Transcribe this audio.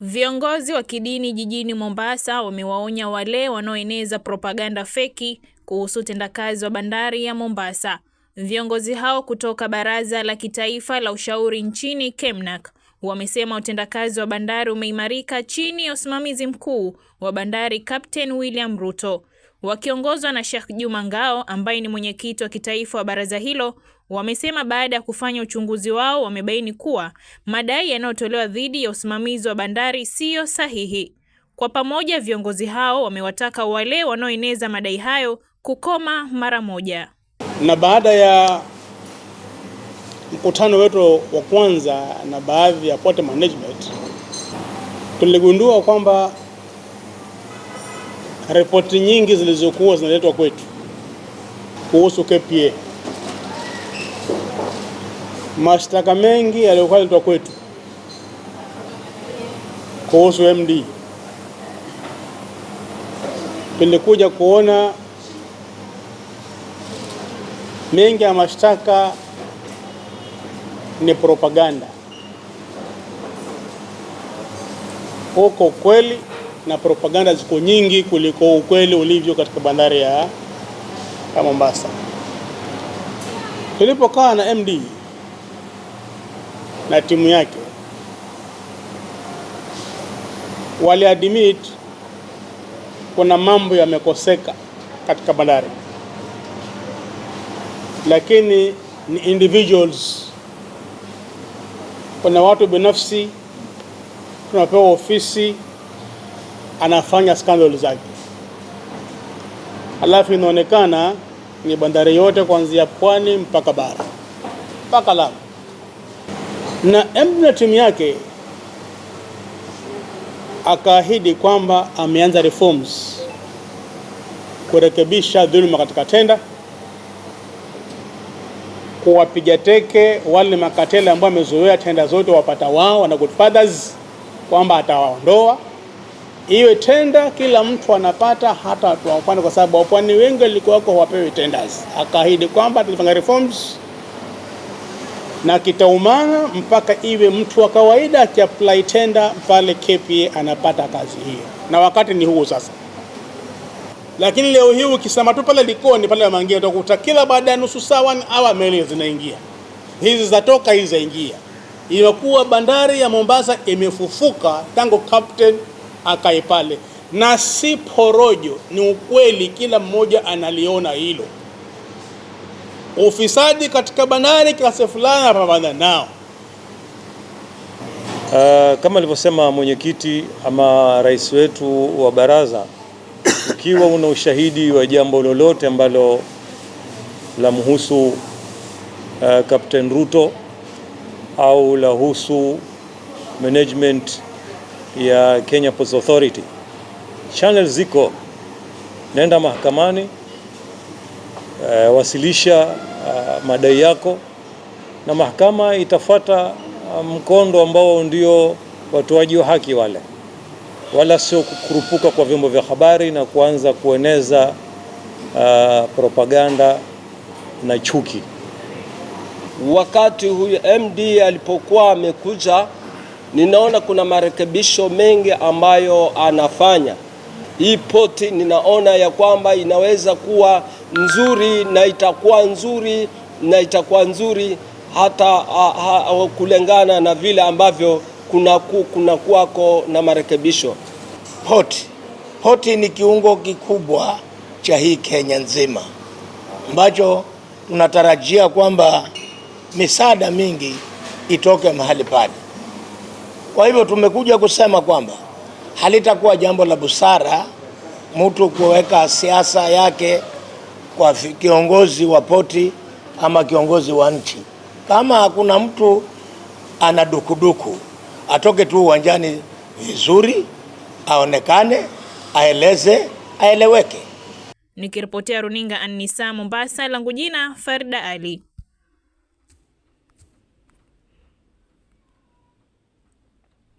Viongozi wa kidini jijini Mombasa wamewaonya wale wanaoeneza propaganda feki kuhusu utendakazi wa bandari ya Mombasa. Viongozi hao kutoka Baraza la Kitaifa la Ushauri nchini KEMNAK wamesema utendakazi wa bandari umeimarika chini ya usimamizi mkuu wa bandari Captain William Ruto. Wakiongozwa na Sheikh Juma Ngao ambaye ni mwenyekiti wa kitaifa wa baraza hilo, Wamesema baada ya kufanya uchunguzi wao wamebaini kuwa madai yanayotolewa dhidi ya usimamizi wa bandari siyo sahihi. Kwa pamoja, viongozi hao wamewataka wale wanaoeneza madai hayo kukoma mara moja. Na baada ya mkutano wetu wa kwanza na baadhi ya port management, tuligundua kwamba ripoti nyingi zilizokuwa zinaletwa kwetu kuhusu KPA mashtaka mengi yaliyokuwa yanatoka kwetu kuhusu MD tulikuja kuona mengi ya mashtaka ni propaganda, huko kweli na propaganda ziko nyingi kuliko ukweli ulivyo katika bandari ya Mombasa. Tulipokaa na MD na timu yake waliadmit kuna mambo yamekoseka katika Bandari, lakini ni individuals, kuna watu binafsi tunapewa ofisi anafanya skandal zake, alafu inaonekana ni bandari yote kuanzia pwani mpaka bara mpaka lao na Emna na timu yake akaahidi kwamba ameanza reforms kurekebisha dhuluma katika tenda, kuwapiga teke wale makatela ambao wamezoea tenda zote wapata wao wana godfathers, kwamba atawaondoa iwe tenda kila mtu anapata, hata watu wa pwani, kwa sababu wapwani wengi walikuwa wako hawapewi tenders. Akaahidi kwamba tulifanya reforms na kitaumana mpaka iwe mtu wa kawaida akiapply tender pale KPA anapata kazi hiyo, na wakati ni huu sasa. Lakini leo hii ukisema tu pale Likoni pale Mangia utakuta kila baada ya nusu saa one meli zinaingia, hizi zatoka, hizi zaingia. Imekuwa bandari ya Mombasa imefufuka tangu captain akae pale, na si porojo, ni ukweli, kila mmoja analiona hilo. Ufisadi katika bandari kiasi fulani napambana nao. Uh, kama alivyosema mwenyekiti ama rais wetu wa baraza, ukiwa una ushahidi wa jambo lolote ambalo lamhusu uh, Captain Ruto au lahusu management ya Kenya Ports Authority, channel ziko, nenda mahakamani, uh, wasilisha Uh, madai yako, na mahakama itafata uh, mkondo ambao ndio watoaji wa haki wale, wala sio kukurupuka kwa vyombo vya habari na kuanza kueneza uh, propaganda na chuki. Wakati huyu MD alipokuwa amekuja, ninaona kuna marekebisho mengi ambayo anafanya hii poti ninaona ya kwamba inaweza kuwa nzuri na itakuwa nzuri na itakuwa nzuri hata ha, ha, kulingana na vile ambavyo kuna, kuna kuwako na marekebisho. Poti poti ni kiungo kikubwa cha hii Kenya nzima ambacho tunatarajia kwamba misaada mingi itoke mahali pale. Kwa hivyo tumekuja kusema kwamba halitakuwa jambo la busara mtu kuweka siasa yake kwa kiongozi wa poti ama kiongozi wa nchi. Kama hakuna mtu ana dukuduku, atoke tu uwanjani vizuri, aonekane, aeleze, aeleweke. Nikiripotia runinga Anisa Mombasa, langu jina Farida Ali.